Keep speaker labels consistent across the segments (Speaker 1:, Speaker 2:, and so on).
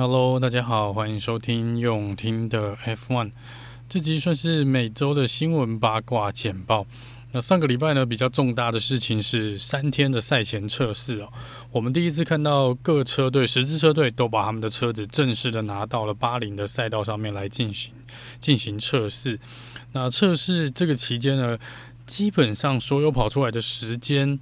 Speaker 1: Hello，大家好，歡迎收聽用聽的 F One。這集算是每周的新聞八卦簡報。那上個禮拜呢，比較重大的事情是三天的賽前測試哦。我們第一次看到各車隊，十支車隊都把他們的車子正式的拿到了巴林的賽道上面來進行進行測試。那測試這個期間呢，基本上所有跑出來的時間。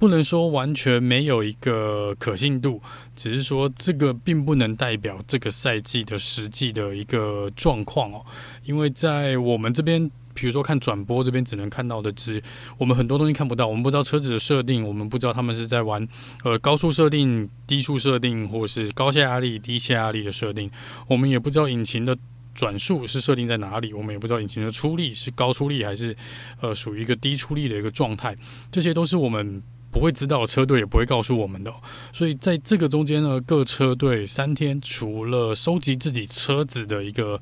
Speaker 1: 不能說完全沒有一個可信度，只是說這個並不能代表這個賽季的實際的一個狀況哦。因為在我們這邊，比如說看轉播這邊，只能看到的是我們很多東西看不到，我們不知道車子的設定，我們不知道他們是在玩呃高速設定、低速設定，或者是高下壓力、低下壓力的設定，我們也不知道引擎的轉速是設定在哪裡，我們也不知道引擎的出力是高出力還是呃屬於一個低出力的一個狀態，這些都是我們。不會知道車隊也不會告訴我們的哦，所以在這個中間呢，各車隊三天除了收集自己車子的一個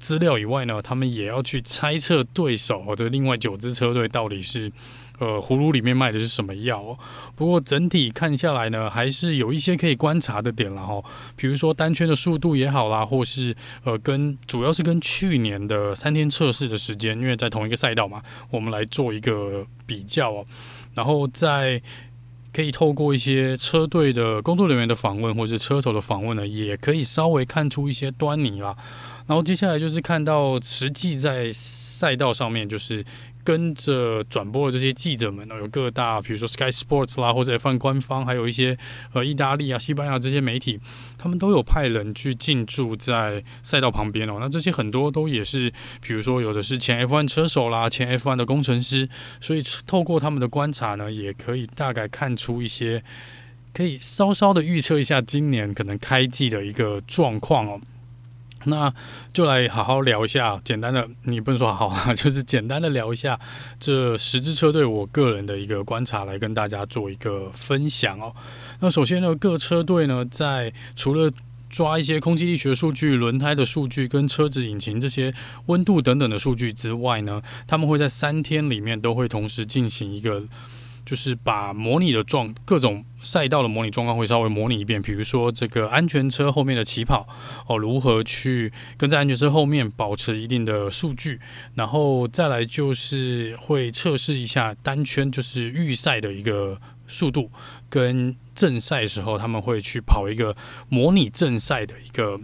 Speaker 1: 資料以外呢，他們也要去猜測對手或者另外九支車隊到底是呃葫蘆裡面賣的是什麼藥哦。不過整體看下來呢，還是有一些可以觀察的點了哈，比如說單圈的速度也好啦，或是呃跟主要是跟去年的三天測試的時間，因為在同一個賽道嘛，我們來做一個比較哦。然後再可以透過一些車隊的工作人員的訪問，或者是車手的訪問呢，也可以稍微看出一些端倪啦。然後接下來就是看到實際在賽道上面，就是。跟着轉播的這些記者們呢，有各大，比如說 Sky Sports 啦，或者 F1 官方，還有一些呃意大利啊、西班牙這些媒體，他們都有派人去進駐在賽道旁邊哦。那這些很多都也是，比如說有的是前 F1 車手啦，前 F1 的工程師，所以透過他們的觀察呢，也可以大概看出一些，可以稍稍的預測一下今年可能開季的一個狀況哦。那就來好好聊一下，簡單的你不能說好啊，就是簡單的聊一下這十支車隊，我個人的一個觀察來跟大家做一個分享哦。那首先呢，各車隊呢在除了抓一些空氣力學數據、輪胎的數據、跟車子引擎這些溫度等等的數據之外呢，他們會在三天裡面都會同時進行一個，就是把模擬的狀各種。賽道的模擬狀況會稍微模擬一遍，比如說這個安全車後面的起跑，哦，如何去跟在安全車後面保持一定的數據，然後再來就是會測試一下單圈，就是預賽的一個速度，跟正賽時候他們會去跑一個模擬正賽的一個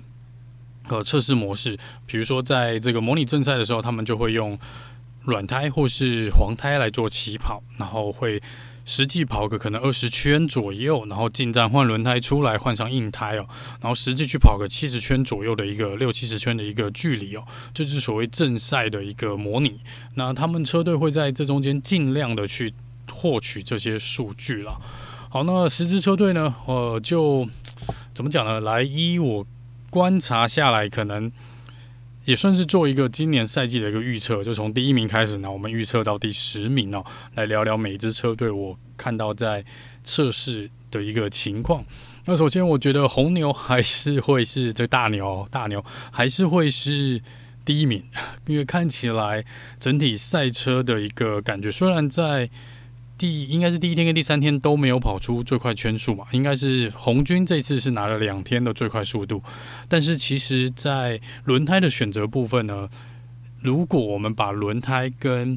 Speaker 1: 呃測試模式，比如說在這個模擬正賽的時候，他們就會用軟胎或是黃胎來做起跑，然後會。實際跑個可能二十圈左右，然後進站換輪胎，出來換上硬胎哦，然後實際去跑個七十圈左右的一個六七十圈的一個距離哦，這就是所謂正賽的一個模擬。那他們車隊會在這中間盡量的去獲取這些數據了。好，那十支車隊呢？呃，就怎麼講呢？來，依我觀察下來，可能。也算是做一個今年賽季的一個預測，就從第一名開始呢，我們預測到第十名呢，喔，來聊聊每支車隊。我看到在測試的一個情況。那首先，我覺得紅牛還是會是這大牛，大牛還是會是第一名，因為看起來整體賽車的一個感覺，雖然在。第應該是第一天跟第三天都沒有跑出最快圈速嘛，應該是紅軍這次是拿了兩天的最快速度，但是其實在輪胎的選擇部分呢，如果我們把輪胎跟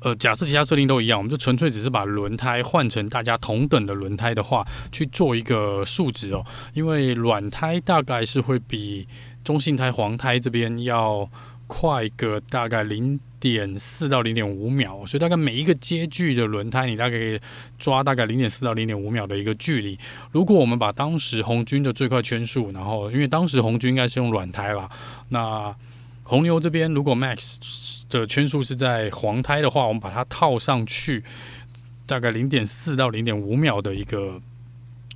Speaker 1: 呃假設其他設定都一樣，我們就純粹只是把輪胎換成大家同等的輪胎的話去做一個數值哦、喔，因為軟胎大概是會比中性胎、黃胎這邊要。快個大概零點四到零點五秒，所以大概每一個接距的輪胎，你大概可以抓大概零點四到零點五秒的一個距離。如果我們把當時紅軍的最快圈速，然後因為當時紅軍應該是用軟胎吧，那紅牛這邊如果 MAX 的圈速是在黃胎的話，我們把它套上去，大概零點四到零點五秒的一個。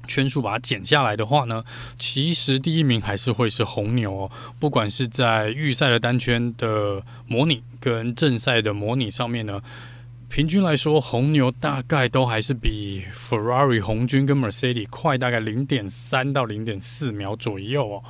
Speaker 1: 圈數把它減下來的話呢，其實第一名還是會是紅牛哦。不管是在預賽的單圈的模擬跟正賽的模擬上面呢，平均來說，紅牛大概都還是比 Ferrari、紅軍跟 Mercedes 快大概零點三到零點四秒左右哦。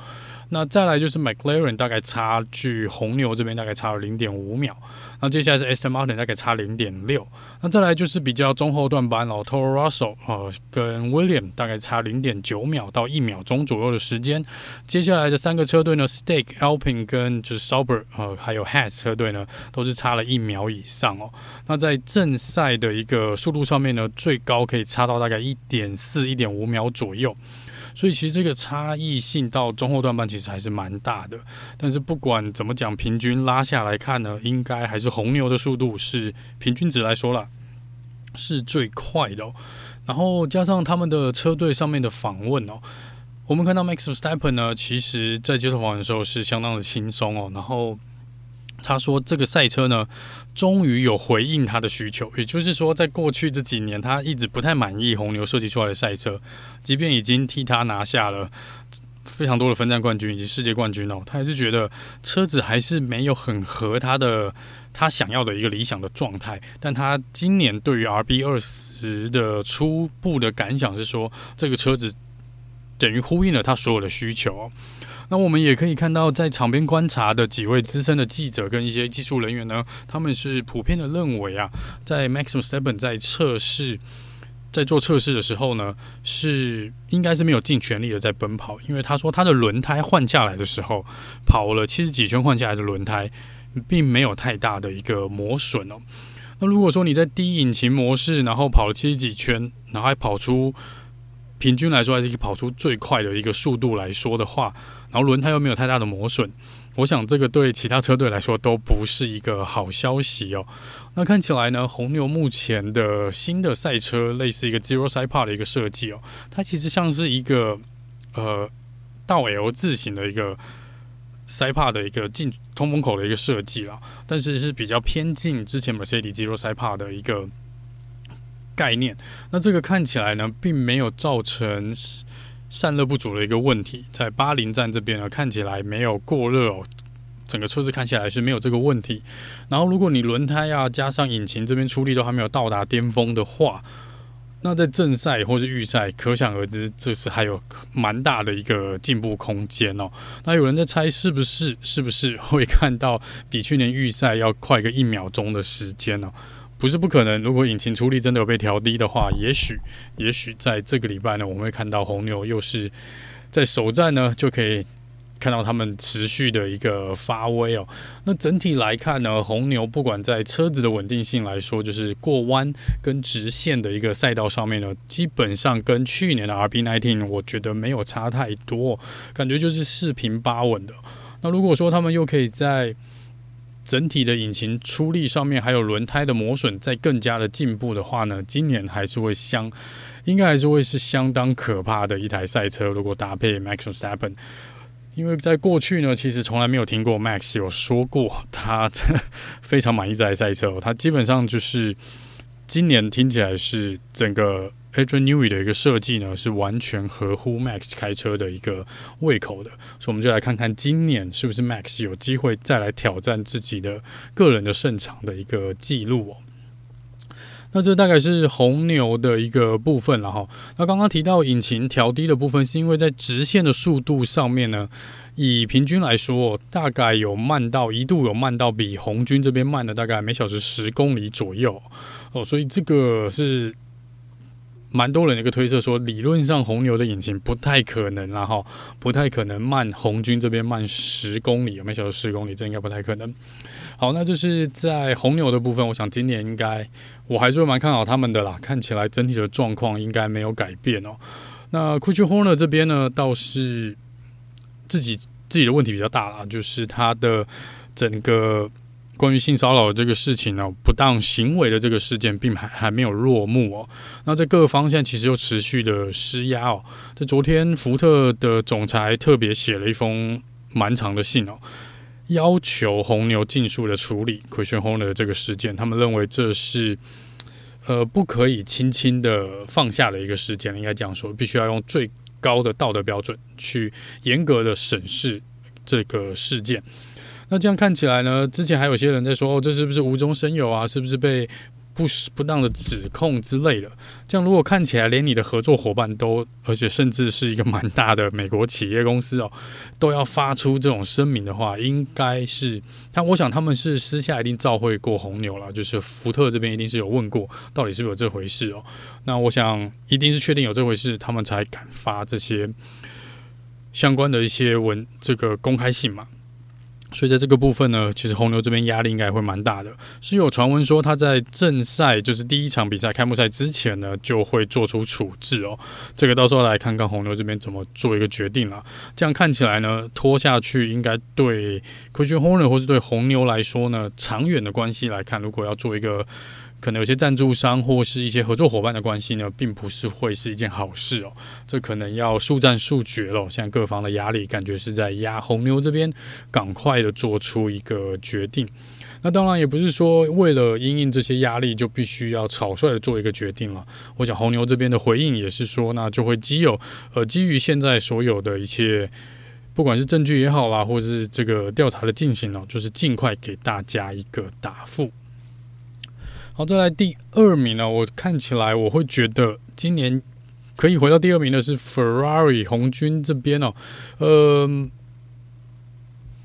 Speaker 1: 那再來就是 McLaren，大概差距紅牛這邊大概差了零點五秒。那接下來是 Aston Martin，大概差零點六。那再來就是比較中後段班了，Toro Rosso 呃跟 William 大概差零點九秒到一秒鐘左右的時間。接下來的三個車隊呢，Stake Alpine 跟就是 Sauber 呃還有 Haas 車隊呢，都是差了一秒以上哦。那在正賽的一個速度上面呢，最高可以差到大概一點四、一點五秒左右。所以其實這個差異性到中後段半其實還是蠻大的，但是不管怎麼講，平均拉下來看呢，應該還是紅牛的速度是平均值來說啦，是最快的喔。然後加上他們的車隊上面的訪問哦，喔，我們看到 Max Verstappen 呢，其實在接受訪問的時候是相當的輕鬆哦，然後，他說：“這個賽車呢，終於有回應他的需求。也就是說，在過去這幾年，他一直不太滿意紅牛設計出來的賽車，即便已經替他拿下了非常多的分站冠軍以及世界冠軍哦，他還是覺得車子還是沒有很合他的他想要的一個理想的狀態。但他今年對於 RB20 的初步的感想是說，這個車子等於呼應了他所有的需求哦。”那我們也可以看到，在場邊觀察的幾位資深的記者跟一些技術人員呢，他們是普遍的認為啊，在 Maximum Seven 在測試，在做測試的時候呢，是應該是沒有盡全力的在奔跑，因為他說他的輪胎換下來的時候跑了七十幾圈，換下來的輪胎並沒有太大的一個磨損哦。那如果說你在低引擎模式，然後跑了七十幾圈，然後還跑出平均來說還是跑出最快的一個速度來說的話。然後輪胎又沒有太大的磨損，我想這個對其他車隊來說都不是一個好消息哦。那看起來呢，紅牛目前的新的賽車類似一個 Zero 塞帕的一個設計哦，它其實像是一個呃倒 L 字形的一個塞帕的一個進通風口的一個設計了，但是是比較偏近之前 Mercedes Zero 塞帕的一個概念。那這個看起來呢，並沒有造成散熱不足的一個問題，在巴林站這邊呢，看起來沒有過熱哦，整個車子看起來是沒有這個問題。然後，如果你輪胎啊加上引擎這邊出力都還沒有到達巔峰的話，那在正賽或是預賽，可想而知，這是還有蠻大的一個進步空間哦。那有人在猜，是不是是不是會看到比去年預賽要快個一秒鐘的時間呢？不是不可能，如果引擎出力真的有被調低的話，也許，也許在這個禮拜呢，我們會看到紅牛又是，在首站呢就可以看到他們持續的一個發威哦、喔。那整體來看呢，紅牛不管在車子的穩定性來說，就是過彎跟直線的一個賽道上面呢，基本上跟去年的 RB19，我覺得沒有差太多，感覺就是四平八穩的。那如果說他們又可以在整體的引擎出力上面，還有輪胎的磨損，再更加的進步的話呢，今年還是會相應該還是會是相當可怕的一台賽車。如果搭配 Max Verstappen，因為在過去呢，其實從來沒有聽過 Max 有說過他非常滿意這台賽車、哦。他基本上就是今年聽起來是整個。Adrian Newey 的一個設計呢，是完全合乎 Max 開車的一個胃口的，所以我們就來看看今年是不是 Max 有機會再來挑戰自己的個人的勝場的一個記錄哦。那這大概是紅牛的一個部分了哈。那剛剛提到引擎調低的部分，是因為在直線的速度上面呢，以平均來說，哦，大概有慢到一度有慢到比紅軍這邊慢了大概每小時十公里左右哦，所以這個是。蠻多人的一個推測說，理論上紅牛的引擎不太可能、啊，然後不太可能慢紅軍這邊慢十公里，每小時十公里，這應該不太可能。好，那就是在紅牛的部分，我想今年應該我還是會蠻看好他們的啦。看起來整體的狀況應該沒有改變哦。那 Christian Horner 呢這邊呢倒是自己自己的問題比較大啦，就是他的整個。關於性騷擾這個事情呢、啊，不當行為的這個事件，並還還沒有落幕哦。那在各個方向其實又持續的施壓哦。在昨天，福特的總裁特別寫了一封蠻長的信哦，要求紅牛盡速的處理 Christian Horner 的這個事件。他們認為這是呃不可以輕輕的放下的一個事件，應該這樣說，必須要用最高的道德標準去嚴格的審視這個事件。那這樣看起來呢，之前還有些人在說哦，這是不是無中生有啊？是不是被不不不當的指控之類的？這樣如果看起來連你的合作夥伴都，而且甚至是一個蠻大的美國企業公司哦，都要發出這種聲明的話，應該是，但我想他們是私下一定照會過紅牛了，就是福特這邊一定是有問過，到底是不是有這回事哦？那我想一定是確定有這回事，他們才敢發這些相關的一些文這個公開信嘛。所以在這個部分呢，其實紅牛這邊壓力應該也會蠻大的。是有傳聞說他在正賽，就是第一場比賽開幕賽之前呢，就會做出處置哦。這個到時候來看看紅牛這邊怎麼做一個決定了。這樣看起來呢，拖下去應該對 Christian Horner 或是對紅牛來說呢，長遠的關係來看，如果要做一個。可能有些贊助商或是一些合作夥伴的關係呢，並不是會是一件好事哦。這可能要速戰速決了。現在各方的壓力感覺是在壓紅牛這邊，趕快的做出一個決定。那當然也不是說為了因應這些壓力就必須要草率的做一個決定了。我想紅牛這邊的回應也是說，那就會基有呃基於現在所有的一切，不管是證據也好啦、啊，或者是這個調查的進行哦，就是儘快給大家一個答覆好，再來第二名呢，哦，我看起來我會覺得今年可以回到第二名的是 Ferrari 紅軍這邊哦，呃。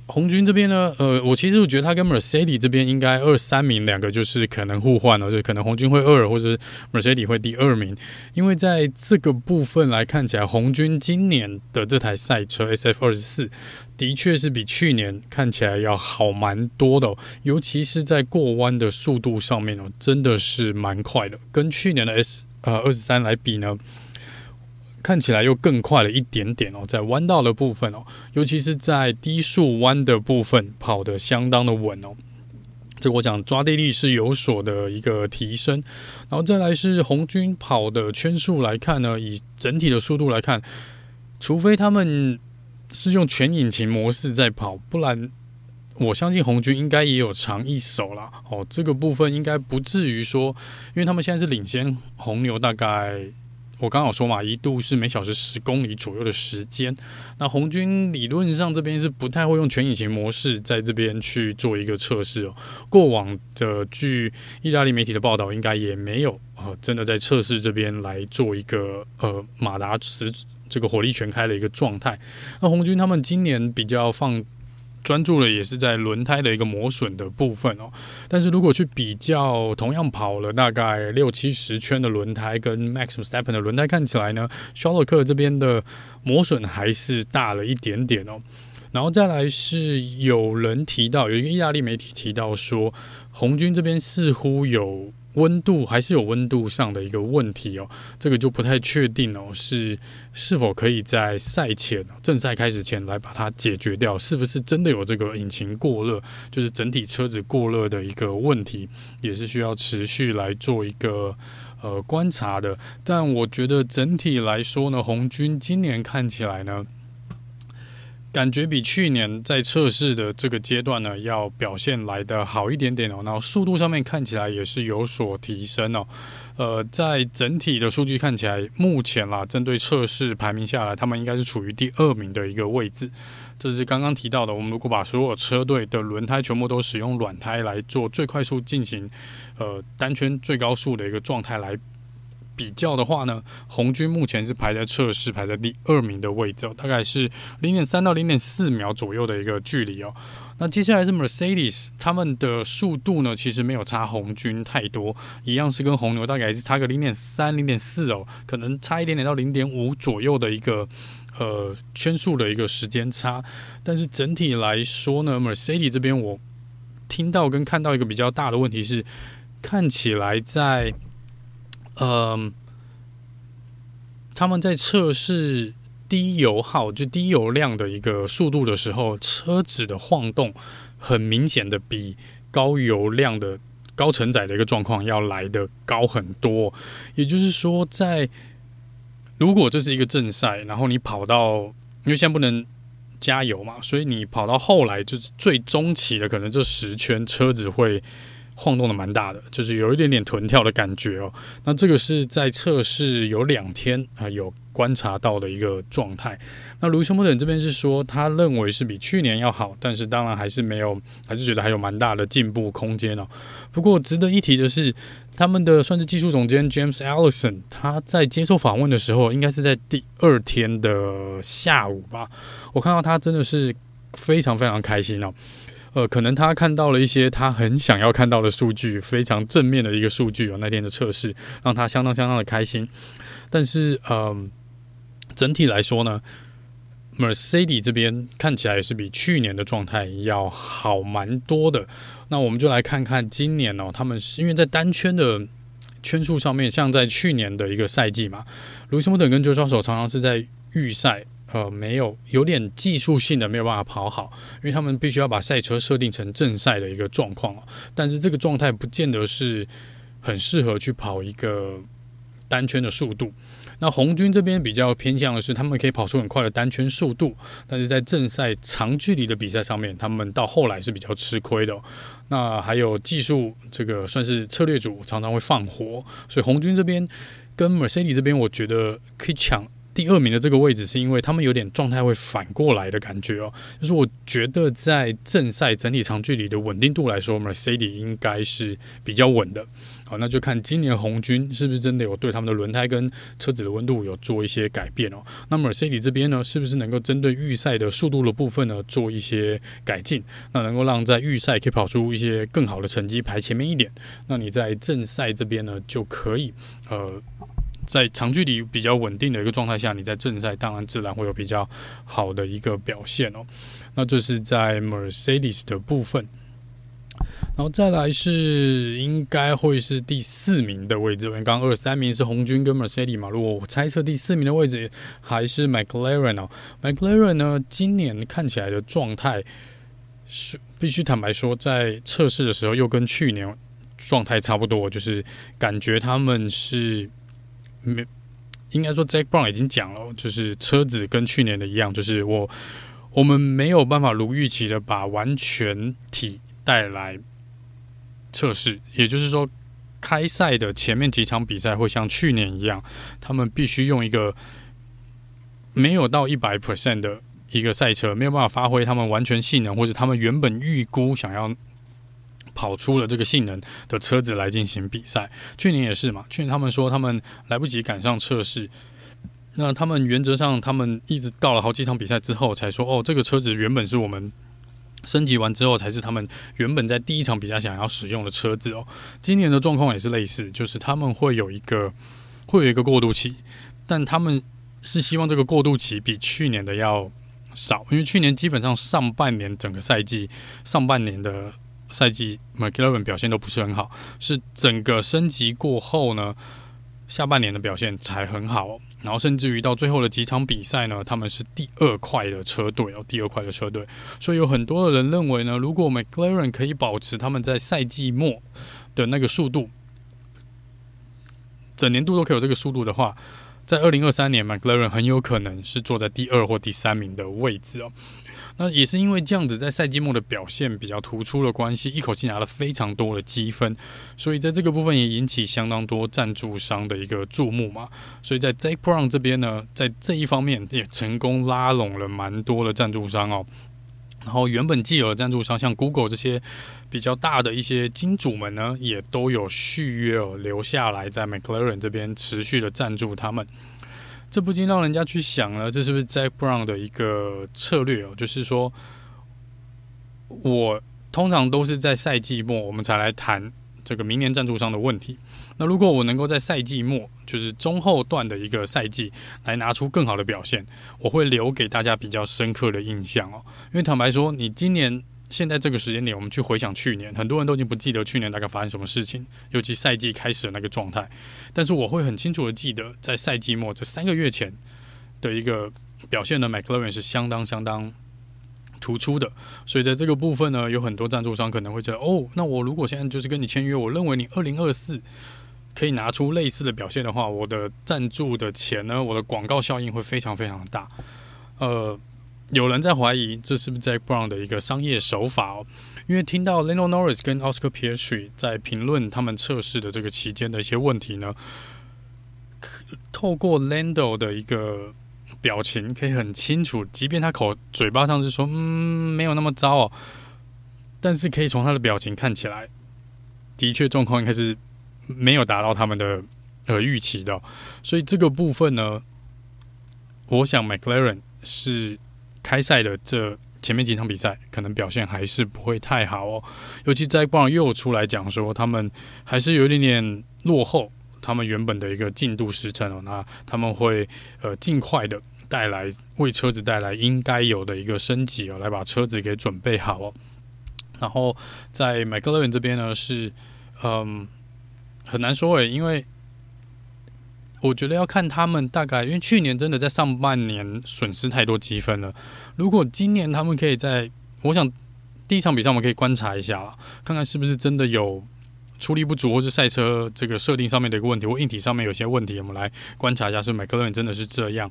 Speaker 1: 紅軍這邊呢，呃，我其實我覺得他跟 Mercedes 這邊應該二三名兩個就是可能互換了，就可能紅軍會二或者 Mercedes 會第二名，因為在這個部分來看起來，紅軍今年的這台賽車 SF 二十四的確是比去年看起來要好蠻多的哦，尤其是在過彎的速度上面哦，真的是蠻快的，跟去年的 S 呃二十三來比呢，看起來又更快了一點點哦，在彎道的部分哦，尤其是在低速彎的部分跑得相當的穩哦。這我想抓地力是有所的一個提升，然後再來是紅軍跑的圈數來看呢，以整體的速度來看，除非他們是用全引擎模式在跑，不然我相信紅軍應該也有長一手啦哦。這個部分應該不至於說，因為他們現在是領先紅牛大概。我剛好說嘛，一度是每小時十公里左右的時間。那紅軍理論上這邊是不太會用全引擎模式在這邊去做一個測試哦。過往的，據意大利媒體的報道，應該也沒有啊、呃，真的在測試這邊來做一個呃馬達十這個火力全開的一個狀態。那紅軍他們今年比較放。專注了也是在輪胎的一個磨損的部分哦、喔，但是如果去比較同樣跑了大概六七十圈的輪胎跟 Max Verstappen 的輪胎看起來呢夏洛克這邊的磨損還是大了一點點哦、喔。然後再來是有人提到有一個意大利媒體提到說，紅軍這邊似乎有。溫度還是有溫度上的一個問題哦，這個就不太確定哦，是是否可以在賽前、正賽開始前來把它解決掉？是不是真的有這個引擎過熱，就是整體車子過熱的一個問題，也是需要持續來做一個呃觀察的。但我覺得整體來說呢，紅軍今年看起來呢。感覺比去年在測試的這個階段呢，要表現來的好一點點哦。那速度上面看起來也是有所提升哦。呃，在整體的數據看起來，目前啦，針對測試排名下來，他們應該是處於第二名的一個位置。這是剛剛提到的，我們如果把所有車隊的輪胎全部都使用軟胎來做最快速進行，呃，單圈最高速的一個狀態來比較的話呢，紅軍目前是排在測試排在第二名的位置，哦，大概是零點三到零點四秒左右的一個距離哦。那接下來是 Mercedes，他們的速度呢，其實沒有差紅軍太多，一樣是跟紅牛大概是差個零點三零點四哦，可能差一點點到零點五左右的一個呃圈數的一個時間差。但是整體來說呢，Mercedes 這邊我聽到跟看到一個比較大的問題是，看起來在。嗯、呃，他們在測試低油耗，就低油量的一個速度的時候，車子的晃動很明顯的比高油量的高承載的一個狀況要來得高很多。也就是說在，在如果這是一個正賽，然後你跑到因為現在不能加油嘛，所以你跑到後來就是最終期的可能這十圈車子會。晃動的蠻大的，就是有一點點豚跳的感覺哦。那這個是在測試有兩天啊，還有觀察到的一個狀態。那盧修莫等人這邊是說，他認為是比去年要好，但是當然還是沒有，還是覺得還有蠻大的進步空間哦。不過值得一提的是，他們的算是技術總監 James Allison，他在接受訪問的時候，應該是在第二天的下午吧。我看到他真的是非常非常開心哦。呃，可能他看到了一些他很想要看到的數據，非常正面的一個數據啊、哦。那天的測試讓他相當相當的開心。但是，呃，整體來說呢，Mercedes 這邊看起來也是比去年的狀態要好蠻多的。那我們就來看看今年哦，他們是因為在單圈的圈數上面，像在去年的一個賽季嘛，Lewis Hamilton 跟 George 車手常常是在預賽，呃，沒有，有點技術性的沒有辦法跑好，因為他們必須要把賽車設定成正賽的一個狀況。但是這個狀態不見得是很適合去跑一個單圈的速度。那紅軍這邊比較偏向的是，他們可以跑出很快的單圈速度，但是在正賽長距離的比賽上面，他們到後來是比較吃虧的。那還有技術，這個算是策略組常常會放火，所以紅軍這邊跟 Mercedes 這邊，我覺得可以搶。第二名的這個位置，是因為他們有點狀態會反過來的感覺哦。就是我覺得在正賽整體長距離的穩定度來說，Mercedes 應該是比較穩的。好，那就看今年紅軍是不是真的有對他們的輪胎跟車子的溫度有做一些改變哦。那 Mercedes 這邊呢，是不是能夠針對預賽的速度的部分呢做一些改進？那能夠讓在預賽可以跑出一些更好的成績，排前面一點。那你在正賽這邊呢，就可以呃。在長距離比較穩定的一個狀態下，你在正賽當然自然會有比較好的一個表現哦。那這是在 Mercedes 的部分，然後再來是應該會是第四名的位置。我剛剛二三名是紅軍跟 Mercedes 嘛，如果我猜測第四名的位置還是 McLaren 哦。McLaren 呢，今年看起來的狀態是必須坦白說，在測試的時候又跟去年狀態差不多，就是感覺他們是。沒，應該說，Jack Brown 已經講了，就是車子跟去年的一樣，就是我，我們沒有辦法如預期的把完全體帶來測試，也就是說，開賽的前面幾場比賽會像去年一樣，他們必須用一個沒有到一百 percent 的一個賽車，沒有辦法發揮他們完全性能或者他們原本預估想要。跑出了這個性能的車子來進行比賽。去年也是嘛，去年他們說他們來不及趕上測試，那他們原則上他們一直到了好幾場比賽之後才說，哦，這個車子原本是我們升級完之後才是他們原本在第一場比賽想要使用的車子哦。今年的狀況也是類似，就是他們會有一個會有一個過渡期，但他們是希望這個過渡期比去年的要少，因為去年基本上上半年整個賽季上半年的。賽季，McLaren 表現都不是很好。是整個升級過後呢，下半年的表現才很好哦。然後甚至於到最後的幾場比賽呢，他們是第二快的車隊哦，第二快的車隊。所以有很多的人認為呢，如果 McLaren 可以保持他們在賽季末的那個速度，整年度都可以有這個速度的話，在二零二三年 McLaren 很有可能是坐在第二或第三名的位置哦。那也是因為這樣子，在賽季末的表現比較突出的關係，一口氣拿了非常多的積分，所以在這個部分也引起相當多贊助商的一個注目嘛。所以在 Zak Brown 這邊呢，在這一方面也成功拉攏了蠻多的贊助商哦。然後原本既有的贊助商，像 Google 這些比較大的一些金主們呢，也都有續約哦，留下來在 McLaren 這邊持續的贊助他們。這不禁讓人家去想了，這是不是 Jack Brown 的一個策略哦？就是說，我通常都是在賽季末，我們才來談這個明年贊助商的問題。那如果我能夠在賽季末，就是中後段的一個賽季，來拿出更好的表現，我會留給大家比較深刻的印象哦。因為坦白說，你今年。現在這個時間點，我們去回想去年，很多人都已經不記得去年大概發生什麼事情，尤其賽季開始的那個狀態。但是我會很清楚地記得，在賽季末這三個月前的一個表現呢，McLaren 是相當相當突出的。所以在這個部分呢，有很多贊助商可能會覺得，哦，那我如果現在就是跟你簽約，我認為你2024可以拿出類似的表現的話，我的贊助的錢呢，我的廣告效應會非常非常大。呃。有人在懷疑這是不是 Zak Brown 的一個商業手法哦？因為聽到 Lando Norris 跟 Oscar Piastri 在評論他們測試的這個期間的一些問題呢，透過 Lando 的一個表情可以很清楚，即便他口嘴巴上是說“嗯，沒有那麼糟哦”，但是可以從他的表情看起來，的確狀況應該是沒有達到他們的呃預期的、哦，所以這個部分呢，我想 McLaren 是。開賽的這前面幾場比賽，可能表現還是不會太好哦，尤其在布朗又出來講說，他們還是有一點點落後他們原本的一個進度時程哦，那他們會呃盡快的帶來為車子帶來應該有的一個升級哦，來把車子給準備好哦，然後在 McLaren 這邊呢是嗯、呃、很難說誒，因為。我覺得要看他們大概，因為去年真的在上半年損失太多積分了。如果今年他們可以在，我想第一場比賽我們可以觀察一下了，看看是不是真的有出力不足，或是賽車這個設定上面的一個問題，或硬體上面有些問題，我們來觀察一下，是不是 McLaren 真的是這樣。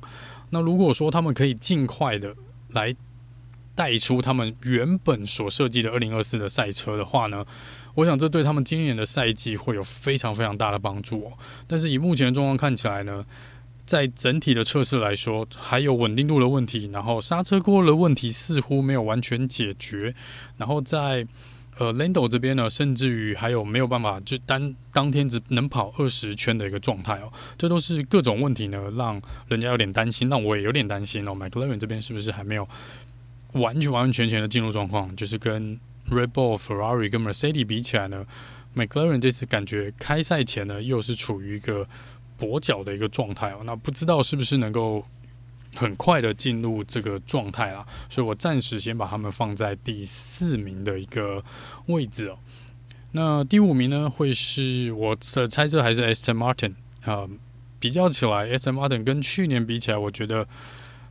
Speaker 1: 那如果說他們可以盡快的來帶出他們原本所設計的二零二四的賽車的話呢，我想這對他們今年的賽季會有非常非常大的幫助哦。但是以目前的狀況看起來呢，在整體的測試來說，還有穩定度的問題，然後剎車過熱的問題似乎沒有完全解決，然後在呃 Lando 這邊呢，甚至於還有沒有辦法就單當天只能跑二十圈的一個狀態哦。這都是各種問題呢，讓人家有點擔心，讓我也有點擔心哦。McLaren 這邊是不是還沒有完全完完全全的進入狀況？就是跟，Red Bull Ferrari 跟 Mercedes 比起來呢，McLaren 這次感覺開賽前呢又是處於一個跛腳的一個狀態哦，那不知道是不是能夠很快的進入這個狀態啊？所以我暫時先把他們放在第四名的一個位置哦。那第五名呢，會是我的猜測還是 Aston Martin 啊、呃？比較起來，Aston Martin 跟去年比起來，我覺得。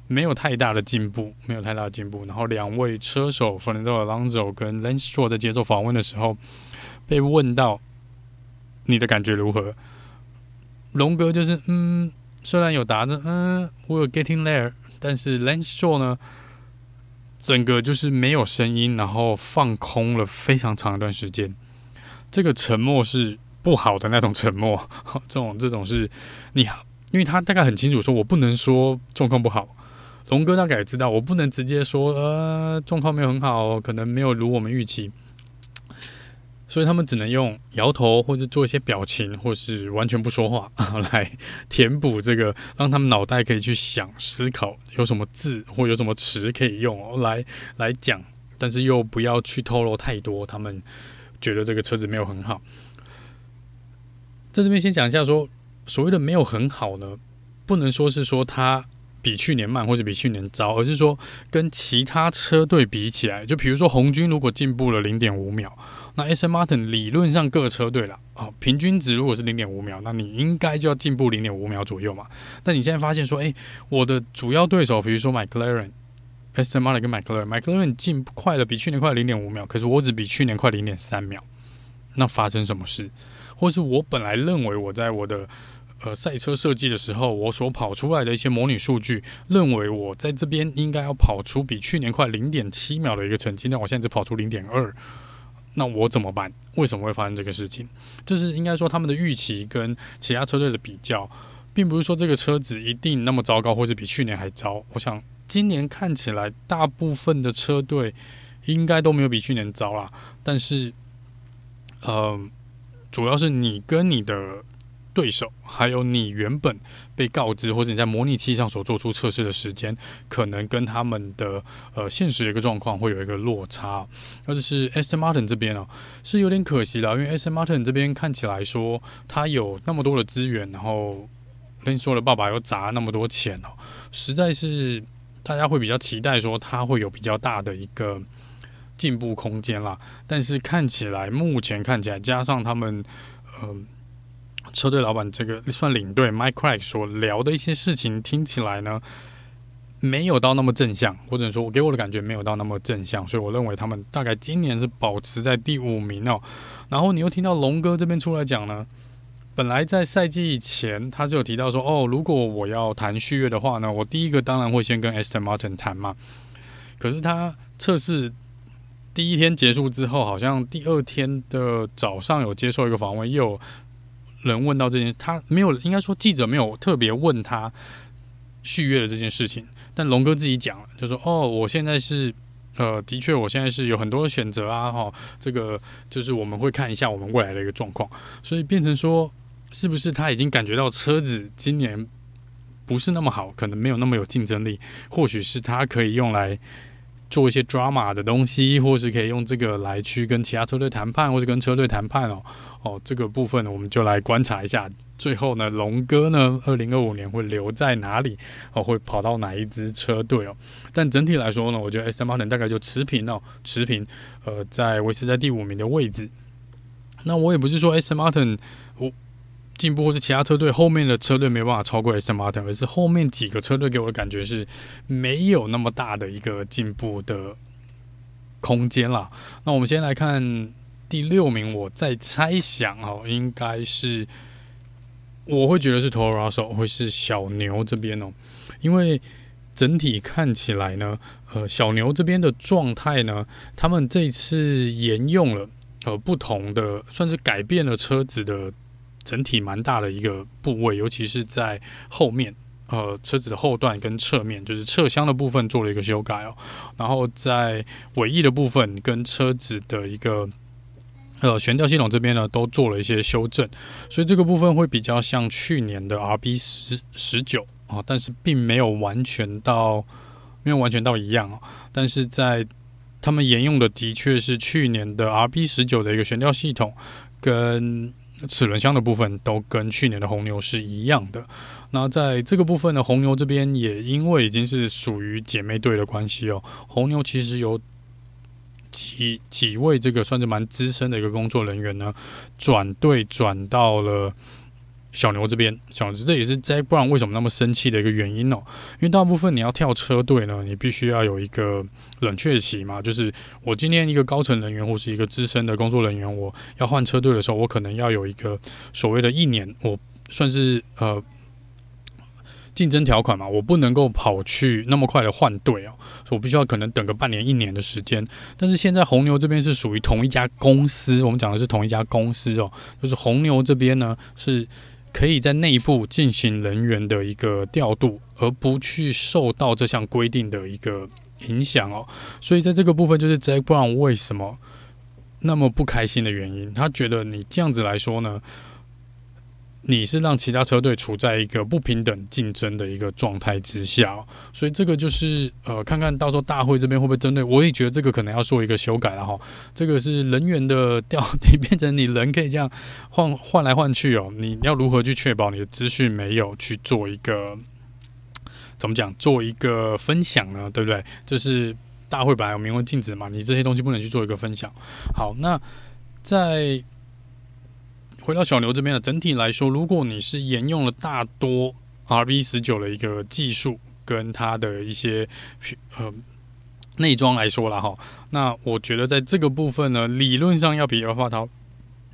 Speaker 1: 沒有太大的進步，沒有太大的進步。然後兩位車手 Fernando Alonso 跟 Lance Stroll 在接受訪問的時候，被問到你的感覺如何，龍哥就是嗯，雖然有答着嗯，we're getting there，但是 Lance Stroll 呢，整個就是沒有聲音，然後放空了非常長一段時間。這個沉默是不好的那種沉默，這種這種是你，因為他大概很清楚，說我不能說狀況不好。龍哥大概也知道，我不能直接說呃，狀況沒有很好，可能沒有如我們預期，所以他們只能用搖頭，或者是做一些表情，或是完全不說話來填補這個，讓他們腦袋可以去想思考有什麼字或有什麼詞可以用來來講，但是又不要去透露太多，他們覺得這個車子沒有很好。在這邊先講一下說，說所謂的沒有很好呢，不能說是說它比去年慢或者比去年糟，而是說跟其他車隊比起來，就比如說紅軍如果進步了零點五秒，那 Aston Martin 理論上各車隊了啊，平均值如果是零點五秒，那你應該就要進步零點五秒左右嘛。但你現在發現說，誒，我的主要對手，比如說 McLaren Aston Martin 跟 McLaren，McLaren 進 Mc 快了，比去年快零點五秒，可是我只比去年快零點三秒，那發生什麼事？或是我本來認為我在我的呃，賽車設計的時候，我所跑出來的一些模擬數據，認為我在這邊應該要跑出比去年快零點七秒的一個成績，那我現在只跑出零點二，那我怎麼辦？為什麼會發生這個事情？這是應該說他們的預期跟其他車隊的比較，並不是說這個車子一定那麼糟糕，或者比去年還糟。我想今年看起來大部分的車隊應該都沒有比去年糟啦，但是，呃，主要是你跟你的，對手，還有你原本被告知，或者你在模擬器上所做出測試的時間，可能跟他們的呃現實的一個狀況會有一個落差。那就是 Aston Martin 這邊哦，是有點可惜的，因為 Aston Martin 這邊看起來說他有那麼多的資源，然後跟你說了，爸爸又砸那麼多錢哦，實在是大家會比較期待說他會有比較大的一個進步空間啦。但是看起來目前看起來，加上他們嗯。呃車隊老板這個算領隊，Mike Krack 所聊的一些事情聽起來呢，沒有到那麼正向，或者說，我給我的感覺沒有到那麼正向，所以我認為他們大概今年是保持在第五名哦。然後你又聽到龍哥這邊出來講呢，本來在賽季以前他就有提到說，哦，如果我要談續約的話呢，我第一個當然會先跟 Aston Martin 談嘛。可是他測試第一天結束之後，好像第二天的早上有接受一個訪問，又。人問到這件事，他沒有，應該說記者沒有特別問他續約的這件事情，但龍哥自己講了，就說：“哦，我現在是，呃，的確，我現在是有很多的選擇啊，哈、哦，這個就是我們會看一下我們未來的一個狀況，所以變成說，是不是他已經感覺到車子今年不是那麼好，可能沒有那麼有競爭力，或許是他可以用來。”做一些抓馬的東西，或是可以用這個來去跟其他車隊談判，或者跟車隊談判哦哦，這個部分我們就來觀察一下。最後呢，龍哥呢，二零二五年會留在哪裡？哦，會跑到哪一支車隊哦？但整體來說呢，我覺得 Aston Martin 大概就持平哦，持平，呃，在維持在第五名的位置。那我也不是說 Aston Martin。進步，或是其他車隊後面的車隊沒辦法超過 SMART，而是後面幾個車隊給我的感覺是沒有那麼大的一個進步的空間了。那我們先來看第六名，我在猜想哦，應該是我會覺得是 Toro Rosso 會是小牛這邊哦，因為整體看起來呢，呃，小牛這邊的狀態呢，他們這次沿用了呃不同的，算是改變了車子的。整體蠻大的一個部位，尤其是在後面呃車子的後段跟側面，就是側箱的部分做了一個修改哦。然後在尾翼的部分跟車子的一個呃懸吊系統這邊呢，都做了一些修正，所以這個部分會比較像去年的 R B 十十九啊，但是並沒有完全到沒有完全到一樣啊、哦。但是在他們沿用的的確是去年的 R B 十九的一個懸吊系統跟。齒輪箱的部分都跟去年的紅牛是一樣的。那在這個部分呢，紅牛這邊也因為已經是屬於姐妹隊的關係哦，紅牛其實有幾幾位這個算是蠻資深的一個工作人員呢，轉隊轉到了。小牛這邊，小牛這也是在，不然為什麼那麼生氣的一個原因哦、喔，因為大部分你要跳車隊呢，你必須要有一個冷卻期嘛，就是我今天一個高層人員或是一個資深的工作人員，我要換車隊的時候，我可能要有一個所謂的一年，我算是呃競爭條款嘛，我不能夠跑去那麼快的換隊哦，所以我必須要可能等個半年一年的時間，但是現在紅牛這邊是屬於同一家公司，我們講的是同一家公司哦、喔，就是紅牛這邊呢是。可以在內部進行人員的一個調度，而不去受到這項規定的一個影響哦。所以，在這個部分就是 Zak Brown 為什麼那麼不開心的原因。他覺得你這樣子來說呢？你是讓其他車隊處在一個不平等競爭的一個狀態之下哦，所以這個就是呃，看看到時候大會這邊會不會針對？我也覺得這個可能要做一個修改了哈。這個是人員的調，你變成你人可以這樣換換來換去哦。你要如何去確保你的資訊沒有去做一個怎麼講，做一個分享呢？對不對？就是大會本來有明文禁止嘛，你這些東西不能去做一個分享。好，那在。回到小牛這邊的整體來說，如果你是沿用了大多 RB 十九的一個技術跟它的一些呃內裝來說了哈，那我覺得在這個部分呢，理論上要比阿法塔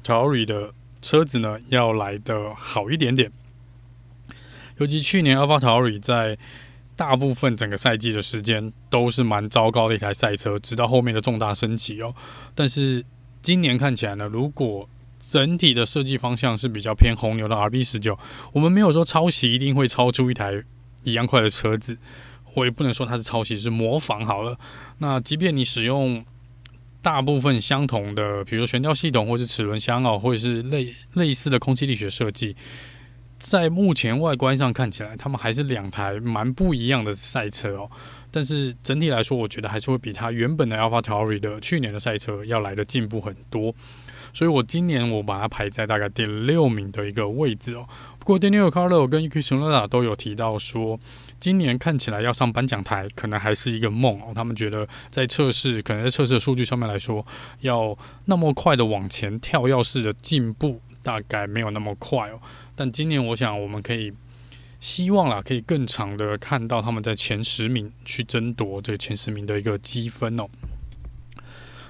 Speaker 1: 塔爾里的車子呢要來的好一點點。尤其去年阿法塔爾里在大部分整個賽季的時間都是蠻糟糕的一台賽車，直到後面的重大升級哦。但是今年看起來呢，如果整體的設計方向是比較偏紅牛的 RB 十九，我們沒有說抄襲一定會抄出一台一樣快的車子，我也不能說它是抄襲、就是模仿好了。那即便你使用大部分相同的，比如懸吊系統或是齒輪箱哦，或者是類類似的空氣力學設計，在目前外觀上看起來，他們還是兩台蠻不一樣的賽車哦。但是整體來說，我覺得還是會比它原本的 AlphaTauri 的去年的賽車要來的進步很多。所以，我今年我把它排在大概第六名的一個位置哦。不過，Daniel Ricciardo 跟 Yuki Tsunoda 都都有提到說，今年看起來要上頒獎台，可能還是一個夢哦。他們覺得，在測試，可能在測試數據上面來說，要那麼快的往前跳躍式的進步，大概沒有那麼快哦。但今年，我想我們可以希望啦，可以更長的看到他們在前十名去爭奪這前十名的一個積分哦。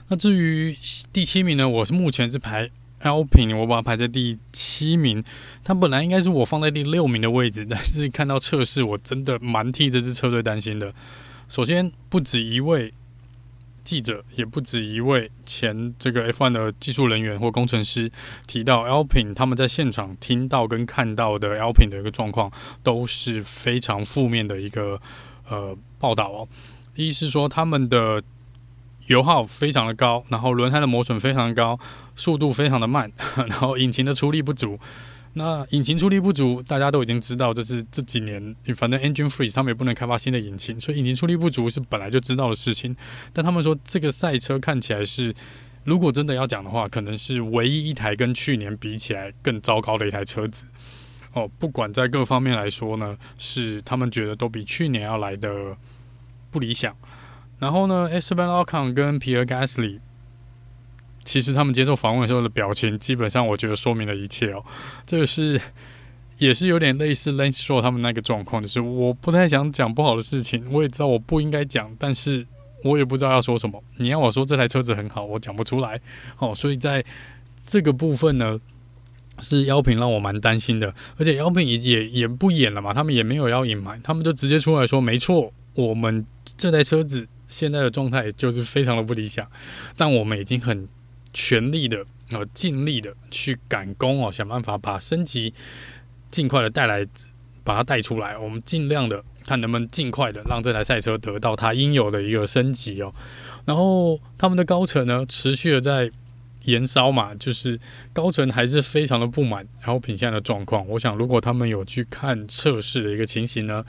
Speaker 1: 那至於第七名呢？我是目前是排 Alpine，我把它排在第七名。它本來應該是我放在第六名的位置，但是看到測試，我真的蠻替這支車隊擔心的。首先，不止一位記者，也不止一位前這個 F1 的技術人員或工程師提到 Alpine，他們在現場聽到跟看到的 Alpine 的一個狀況都是非常負面的一個呃報道哦。意思是說他們的。油耗非常的高，然後輪胎的磨損非常的高，速度非常的慢，然後引擎的出力不足。那引擎出力不足，大家都已經知道，這是這幾年反正 engine freeze 他們也不能開發新的引擎，所以引擎出力不足是本來就知道的事情。但他們說這個賽車看起來是，如果真的要講的話，可能是唯一一台跟去年比起來更糟糕的一台車子。哦，不管在各方面來說呢，是他們覺得都比去年要來的不理想。然後呢，Esteban Ocon 跟 Pierre Gasly，其實他們接受訪問的時候的表情，基本上我覺得說明了一切哦。這個是也是有點類似 Lance Stroll 他們那個狀況，就是我不太想講不好的事情，我也知道我不應該講，但是我也不知道要說什麼。你讓我說這台車子很好，我講不出來哦。所以在這個部分呢，是 Alpine 讓我蠻擔心的，而且 Alpine 也也也不演了嘛，他們也沒有要隱瞞，他們就直接出來說，沒錯，我們這台車子。現在的狀態就是非常的不理想，但我們已經很全力的呃盡力的去趕工哦，想辦法把升級盡快的帶來，把它帶出來。我們盡量的看能不能盡快的讓這台賽車得到它應有的一個升級哦。然後他們的高層呢，持續的在延燒嘛，就是高層還是非常的不滿。然後品相的狀況，我想如果他們有去看測試的一個情形呢，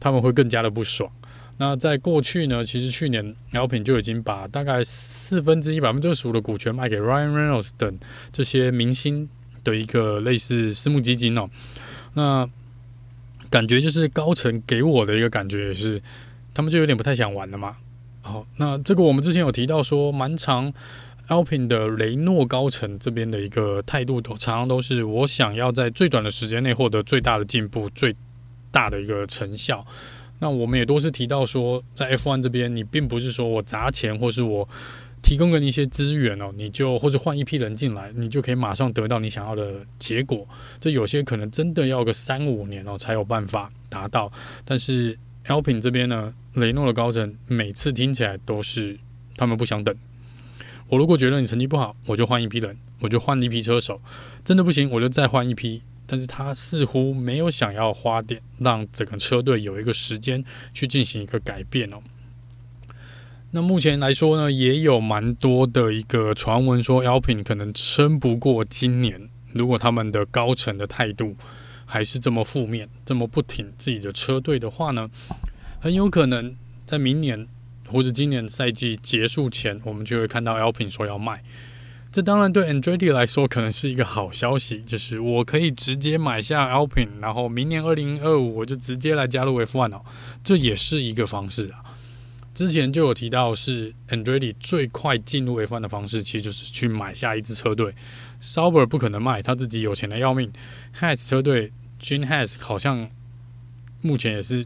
Speaker 1: 他們會更加的不爽。那在過去呢，其實去年 Alpin 就已經把大概四分之一百分之二十五的股權賣給 Ryan Reynolds 等這些明星的一個類似私募基金哦。那感覺就是高層給我的一個感覺也是，他們就有點不太想玩了嘛。好、哦，那這個我們之前有提到說，蠻常 Alpin 的雷諾高層這邊的一個態度都常常都是我想要在最短的時間內獲得最大的進步，最大的一個成效。那我們也都是提到說，在 F1 這邊，你並不是說我砸錢，或是我提供給你一些資源哦、喔，你就或者換一批人進來，你就可以馬上得到你想要的結果。這有些可能真的要個三五年哦、喔，才有辦法達到。但是 L 品這邊呢，雷諾的高層每次聽起來都是他們不想等。我如果覺得你成績不好，我就換一批人，我就換一批車手，真的不行，我就再換一批。但是他似乎沒有想要花點讓整個車隊有一個時間去進行一個改變哦。那目前來說呢，也有蠻多的一個傳聞說 Alpine 可能撐不過今年。如果他們的高層的態度還是這麼負面，這麼不挺自己的車隊的話呢，很有可能在明年或者今年賽季結束前，我們就會看到 Alpine 說要賣。這當然對 Andretti 來說可能是一個好消息，就是我可以直接買下 Alpine，然後明年二零二五我就直接來加入 F1 哦，這也是一個方式啊。之前就有提到，是 Andretti 最快進入 F1 的方式，其實就是去買下一支車隊。Sauber 不可能賣，他自己有錢的要命。Haas 車隊 Gene Haas 好像目前也是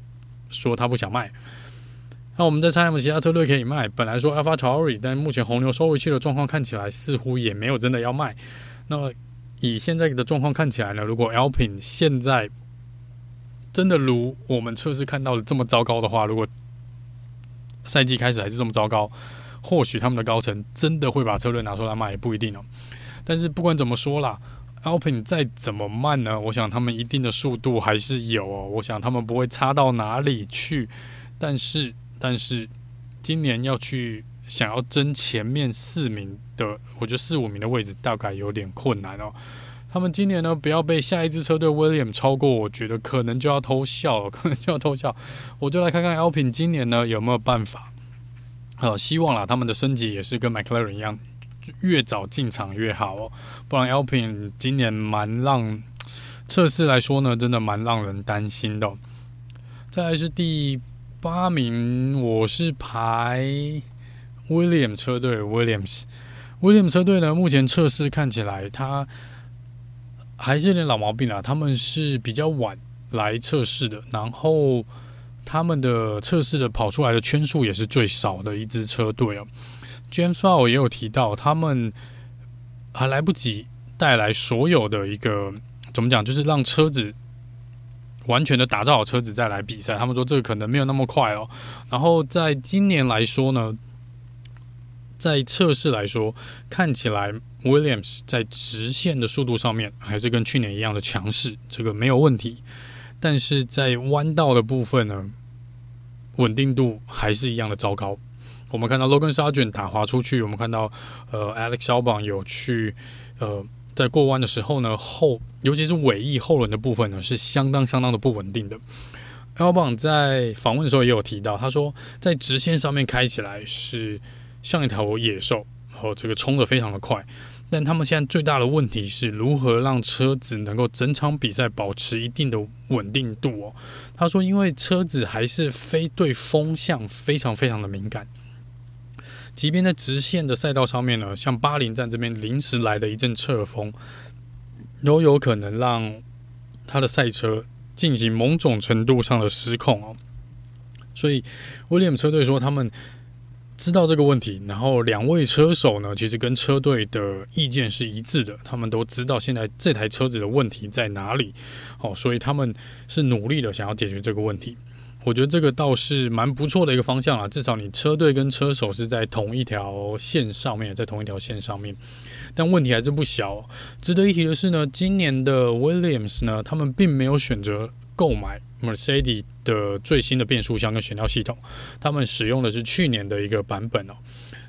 Speaker 1: 說他不想賣。那我們在猜 M 七，車隊可以賣。本來說 AlphaTauri，但目前紅牛收回去的狀況看起來似乎也沒有真的要賣。那以現在的狀況看起來呢，如果 Alpine 現在真的如我們測試看到的這麼糟糕的話，如果賽季開始還是這麼糟糕，或許他們的高層真的會把車隊拿出來賣也不一定哦、喔。但是不管怎麼說啦，Alpine 再怎麼慢呢，我想他們一定的速度還是有哦、喔。我想他們不會差到哪裡去，但是。但是今年要去想要爭前面四名的，我覺得四五名的位置大概有點困難哦。他們今年呢，不要被下一支車隊 William 超過，我覺得可能就要偷笑了、哦，可能就要偷笑。我就來看看 L 品今年呢有沒有辦法、呃。好，希望啦，他們的升級也是跟 McLaren 一樣，越早進場越好哦。不然 L 品今年蠻讓測試來說呢，真的蠻讓人擔心的、哦。再來是第。八名，我是排威廉車隊 Williams。威廉車隊呢，目前測試看起來，他還是有點老毛病啊。他們是比較晚來測試的，然後他們的測試的跑出來的圈數也是最少的一支車隊哦。James Vowles 也有提到，他們還來不及帶來所有的一個怎麼講，就是讓車子。完全的打造好車子再來比賽，他們說這個可能沒有那麼快哦。然後在今年來說呢，在測試來說，看起來 Williams 在直線的速度上面還是跟去年一樣的強勢，這個沒有問題。但是在彎道的部分呢，穩定度還是一樣的糟糕。我們看到 Logan Sargent 打滑出去，我們看到呃 Alex Albon 有去呃在過彎的時候呢後。尤其是尾翼後輪的部分呢，是相當相當的不穩定的。Albon 在訪問的時候也有提到，他說在直線上面開起來是像一條野獸，然後這個衝得非常的快。但他們現在最大的問題是，如何讓車子能夠整場比賽保持一定的穩定度哦。他說，因為車子還是非對風向非常非常的敏感，即便在直線的賽道上面呢，像巴林站這邊臨時來了一陣側風。都有可能讓他的賽車進行某種程度上的失控哦，所以威廉姆車隊說他們知道這個問題，然後兩位車手呢，其實跟車隊的意見是一致的，他們都知道現在這台車子的問題在哪裡，好，所以他們是努力的想要解決這個問題。我覺得這個倒是蠻不錯的一個方向啦。至少你車隊跟車手是在同一條線上面，在同一條線上面。但問題還是不小哦。值得一提的是呢，今年的 Williams 呢，他們並沒有選擇購買 Mercedes 的最新的變速箱跟懸吊系統，他們使用的是去年的一個版本哦。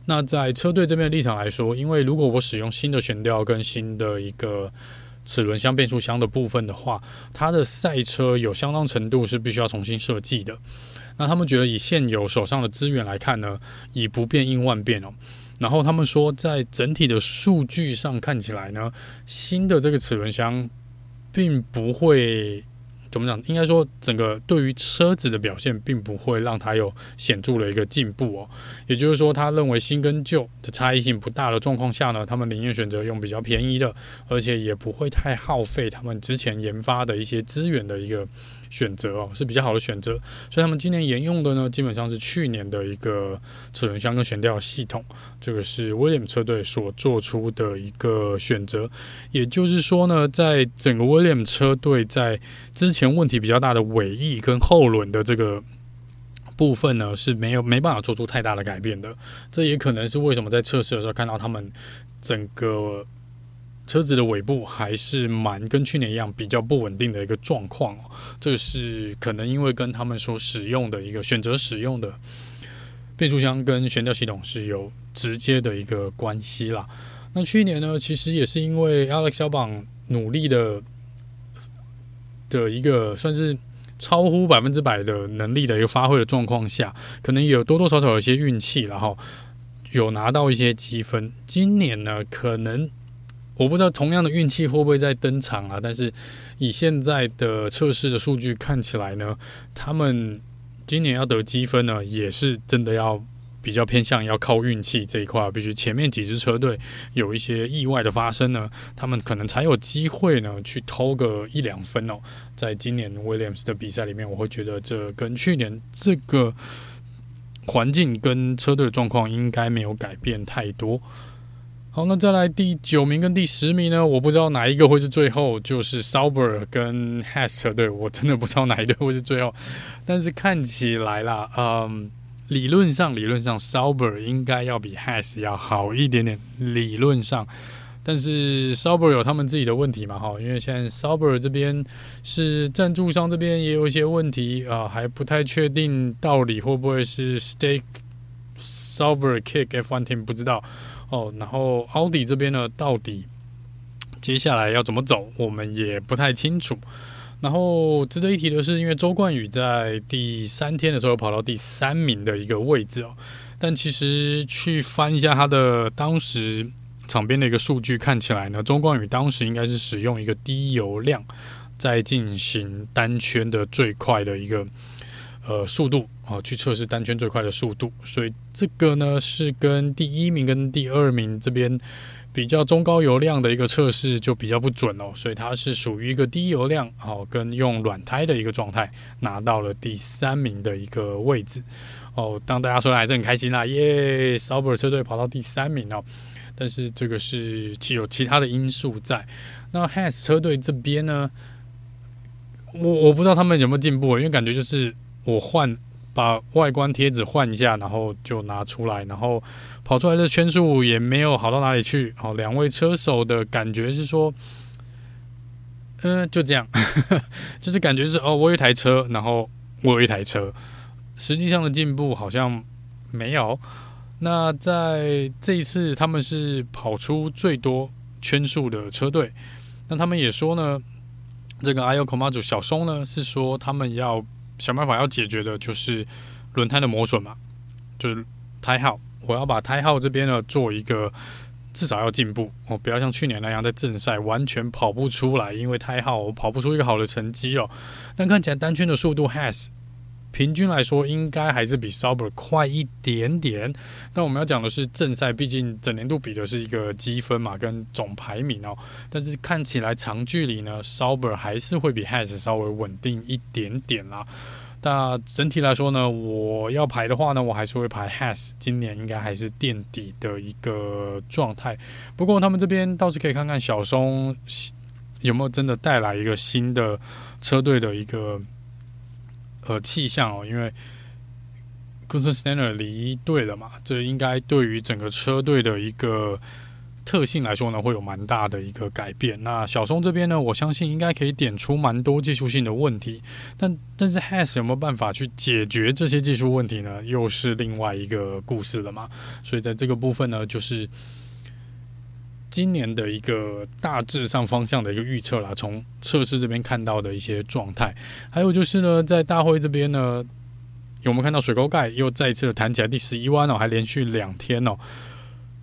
Speaker 1: 那在車隊這邊的立場來說，因為如果我使用新的懸吊跟新的一個齒輪箱變速箱的部分的話，它的賽車有相當程度是必須要重新設計的。那他們覺得以現有手上的資源來看呢，以不變應萬變哦。然後他們說，在整體的數據上看起來呢，新的這個齒輪箱並不會怎麼講，應該說整個對於車子的表現並不會讓它有顯著的一個進步哦。也就是說，他認為新跟舊的差異性不大的狀況下呢，他們寧願選擇用比較便宜的，而且也不會太耗費他們之前研發的一些資源的一個。選擇哦，是比較好的選擇，所以他們今年沿用的呢，基本上是去年的一個齒輪箱跟懸吊系統，這個是威廉車隊所做出的一個選擇。也就是說呢，在整個威廉車隊在之前問題比較大的尾翼跟後輪的這個部分呢，是沒有、沒辦法做出太大的改變的。這也可能是為什麼在測試的時候看到他們整個。車子的尾部還是蠻跟去年一樣比較不穩定的一個狀況哦，這是可能因為跟他們所使用的一個選擇使用的變速箱跟懸吊系統是有直接的一個關係啦。那去年呢，其實也是因為 Alex 小寶努力的的一個算是超乎百分之百的能力的一個發揮的狀況下，可能有多多少少有些運氣，然後有拿到一些積分。今年呢，可能。我不知道同樣的運氣會不會再登場啊？但是以現在的測試的數據看起來呢，他們今年要得積分呢，也是真的要比較偏向要靠運氣這一塊。必須前面幾支車隊有一些意外的發生呢，他們可能才有機會呢去偷個一兩分哦、喔。在今年 Williams 的比賽裡面，我會覺得這跟去年這個環境跟車隊的狀況應該沒有改變太多。好，那再來第九名跟第十名呢？我不知道哪一個會是最後，就是 Sauber 跟 Haas，對，我真的不知道哪一個會是最後。但是看起來啦，嗯，理論上理論上 Sauber 應該要比 Haas 要好一點點，理論上。但是 Sauber 有他們自己的問題嘛，哈，因為現在 Sauber 這邊是贊助商這邊也有一些問題啊、呃，還不太確定到底會不會是 Stake Sauber Kick F1 Team 不知道。哦，然後奧迪這邊呢，到底接下來要怎麼走，我們也不太清楚。然後值得一提的是，因為周冠宇在第三天的時候跑到第三名的一個位置哦，但其實去翻一下他的當時場邊的一個數據，看起來呢，周冠宇當時應該是使用一個低油量在進行單圈的最快的一個呃速度。哦，去測試單圈最快的速度，所以這個呢是跟第一名跟第二名這邊比較中高油量的一個測試就比較不準哦，所以它是屬於一個低油量，好跟用軟胎的一個狀態拿到了第三名的一個位置。哦，當大家說還是很開心啦，耶 Sauber 車隊跑到第三名哦，但是這個是其有其他的因素在。那 Haas 車隊這邊呢，我我不知道他們有沒有進步、欸，因為感覺就是我換。把外觀貼紙換一下，然後就拿出來，然後跑出來的圈數也沒有好到哪裡去。好，哦，兩位車手的感覺是說，嗯、呃，就這樣呵呵，就是感覺是哦，我有一台車，然後我有一台車，實際上的進步好像沒有。那在這一次，他們是跑出最多圈數的車隊。那他們也說呢，這個 Ayao Komatsu 小松呢是說他們要。想辦法要解決的就是輪胎的磨損嘛，就是胎耗，我要把胎耗這邊呢做一個至少要進步，哦，不要像去年那樣在正賽完全跑不出來，因為胎耗我跑不出一個好的成績哦。但看起來單圈的速度 has。平均來說，應該還是比 Sauber 快一點點。但我們要講的是正賽，畢竟整年度比的是一個積分嘛，跟總排名哦、喔。但是看起來長距離呢，Sauber 還是會比 Haas 稍微穩定一點點啦。那整體來說呢，我要排的話呢，我還是會排 Haas。今年應該還是墊底的一個狀態。不過他們這邊倒是可以看看小松有沒有真的帶來一個新的車隊的一個，呃，氣象哦，因為 Günther Steiner 離隊了嘛，這應該對於整個車隊的一個特性來說呢，會有蠻大的一個改變。那小松這邊呢，我相信應該可以點出蠻多技術性的問題，但但是 Haas 有沒有辦法去解決這些技術問題呢？又是另外一個故事了嘛。所以在這個部分呢，就是。今年的一個大致上方向的一個預測啦，從測試這邊看到的一些狀態，還有就是呢，在大會這邊呢，有沒有看到水溝蓋又再一次的彈起來，第十一彎哦，還連續兩天哦。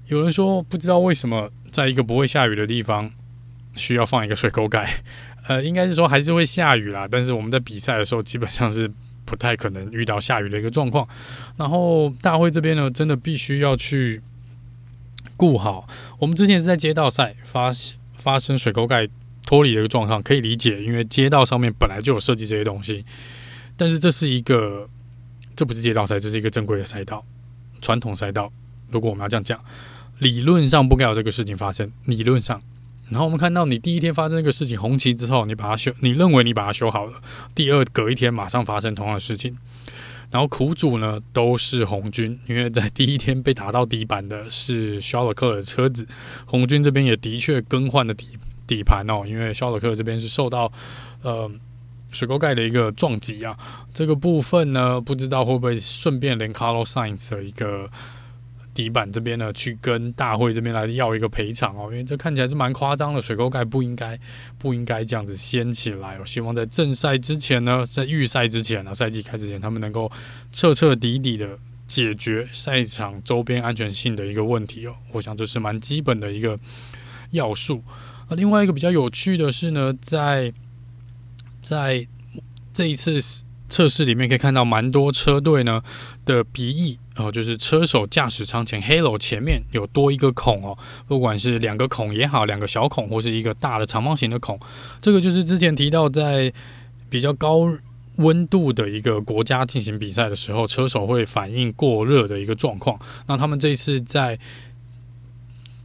Speaker 1: 有人說不知道為什麼在一個不會下雨的地方需要放一個水溝蓋，呃，應該是說還是會下雨啦，但是我們在比賽的時候基本上是不太可能遇到下雨的一個狀況。然後大會這邊呢，真的必須要去。顧好，我們之前是在街道賽發發生水溝蓋脫離的一個狀況，可以理解，因為街道上面本來就有設計這些東西。但是這是一個，這不是街道賽，這是一個正規的賽道，傳統賽道。如果我們要這樣講，理論上不該有這個事情發生，理論上。然後我們看到你第一天發生一個事情，紅旗之後，你把它修，你認為你把它修好了。第二隔一天，馬上發生同樣的事情。然後苦主呢都是紅軍，因為在第一天被打到底板的是肖爾克的車子，紅軍這邊也的確更換了底底盤哦，因為肖爾克這邊是受到呃水溝蓋的一個撞擊啊，這個部分呢不知道會不會順便連 Carlos Sainz 的一個。底板這邊呢，去跟大會這邊來要一個賠償哦，因為這看起來是蠻誇張的，水溝蓋不應該不應該這樣子掀起來、哦。我希望在正賽之前呢，在預賽之前呢、啊，賽季開始前，他們能夠徹徹底底的解決賽場周邊安全性的一個問題哦。我想這是蠻基本的一個要素。那、啊、另外一個比較有趣的是呢，在在這一次。測試裡面可以看到蠻多車隊呢的鼻翼哦，就是車手駕駛艙前 Halo 前面有多一個孔哦，不管是兩個孔也好，兩個小孔或是一個大的長方形的孔，這個就是之前提到在比較高溫度的一個國家進行比賽的時候，車手會反應過熱的一個狀況。那他們這一次在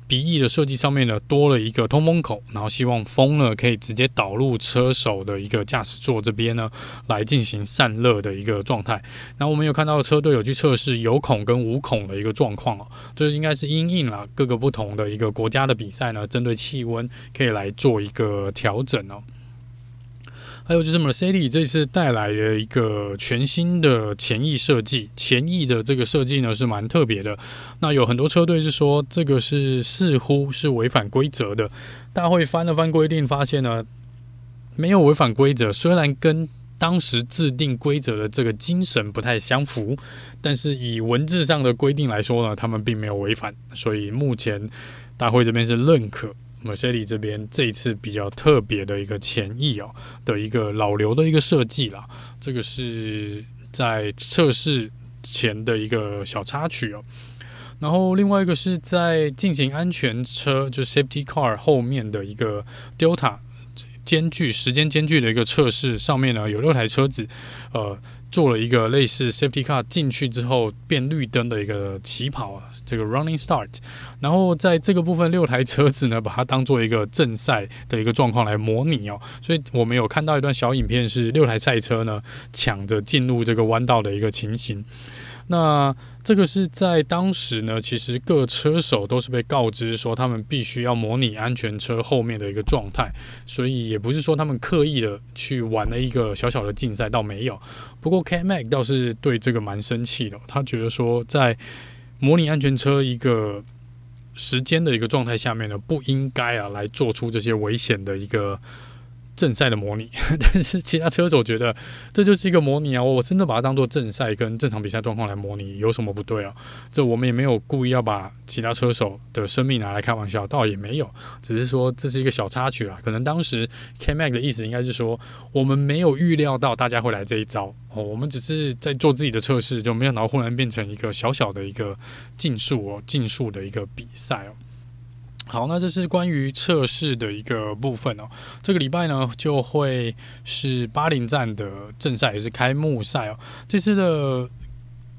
Speaker 1: 鼻翼的設計上面呢，多了一個通風口，然後希望風呢可以直接導入車手的一個駕駛座這邊呢，來進行散熱的一個狀態。然後我們有看到車隊有去測試有孔跟無孔的一個狀況哦，這應該是因應了各個不同的一個國家的比賽呢，針對氣溫可以來做一個調整哦。還有就是 Mercedes 這次帶來的一個全新的前翼設計，前翼的這個設計呢是蠻特別的。那有很多車隊是說，這個是似乎是違反規則的，大會翻了翻規定，發現呢沒有違反規則。雖然跟當時制定規則的這個精神不太相符，但是以文字上的規定來說呢，他們並沒有違反，所以目前大會這邊是認可。Mercedes 這邊這一次比較特別的一個前翼哦，的一個老劉的一個設計啦，這個是在測試前的一個小插曲哦。然後另外一個是在進行安全車，就 Safety Car 後面的一個 Delta 間距時間間距的一個測試，上面呢有六台車子，呃。做了一個類似 safety car 進去之後變綠燈的一個起跑，這個 running start。然後在這個部分六台車子呢，把它當做一個正賽的一個狀況來模擬哦、喔，所以我們有看到一段小影片，是六台賽車呢搶着進入這個彎道的一個情形。那這個是在當時呢，其實各車手都是被告知說他們必須要模擬安全車後面的一個狀態，所以也不是說他們刻意的去玩了一個小小的競賽，倒沒有。不過 K-Mag 倒是對這個蠻生氣的，他覺得說在模擬安全車一個時間的一個狀態下面呢，不應該啊來做出這些危險的一個。正賽的模擬，但是其他車手覺得這就是一個模擬啊！我我真的把它當做正賽跟正常比賽狀況來模擬，有什麼不對啊？這我們也沒有故意要把其他車手的生命拿來開玩笑，倒也沒有，只是說這是一個小插曲啦，啊，可能當時 K Mac 的意思應該是說，我們沒有預料到大家會來這一招哦，我們只是在做自己的測試，就沒有，然後忽然變成一個小小的一個競速哦，競速的一個比賽哦。好，那這是關於測試的一個部分哦。這個禮拜呢，就會是巴林站的正賽，也是開幕賽哦。這次的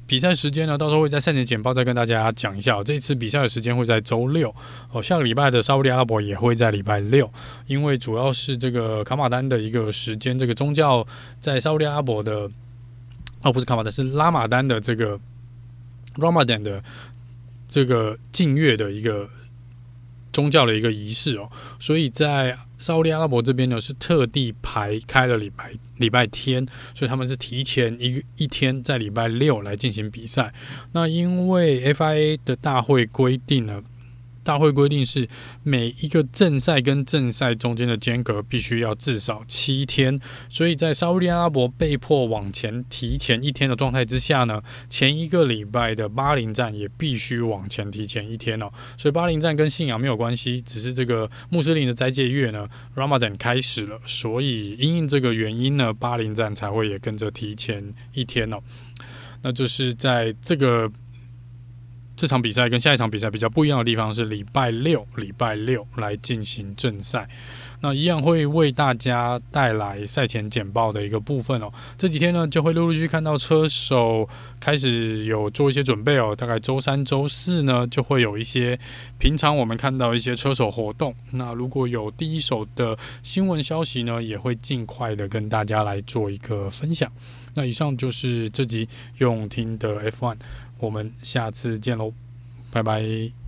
Speaker 1: 比賽時間呢，到時候會在賽前簡報再跟大家講一下哦。這次比賽的時間會在周六哦。下個禮拜的沙烏地阿拉伯也會在禮拜六，因為主要是這個卡馬丹的一個時間，這個宗教在沙烏地阿拉伯的哦，不是卡馬丹，是拉馬丹的這個 Ramadan 的這個近月的一個。宗教的一個儀式哦、喔，所以在沙烏地阿拉伯這邊呢，是特地排開了禮拜禮拜天，所以他們是提前一一天，在禮拜六來進行比賽。那因為 FIA 的大會規定呢。大會規定是每一個正賽跟正賽中間的間隔必須要至少七天，所以在沙烏地阿拉伯被迫往前提前一天的狀態之下呢，前一個禮拜的巴林站也必須往前提前一天哦，所以巴林站跟信仰沒有關係，只是這個穆斯林的齋戒月呢 Ramadan 開始了，所以因應這個原因呢，巴林站才會也跟着提前一天哦，那就是在這個。這場比賽跟下一場比賽比較不一樣的地方是禮拜六，禮拜六來進行正賽，那一樣會為大家帶來賽前簡報的一個部分哦。這幾天呢，就會陸陸續續看到車手開始有做一些準備哦。大概周三、周四呢，就會有一些平常我們看到一些車手活動。那如果有第一手的新聞消息呢，也會盡快的跟大家來做一個分享。那以上就是這集用聽的 F1。我們下次見嘍，拜拜。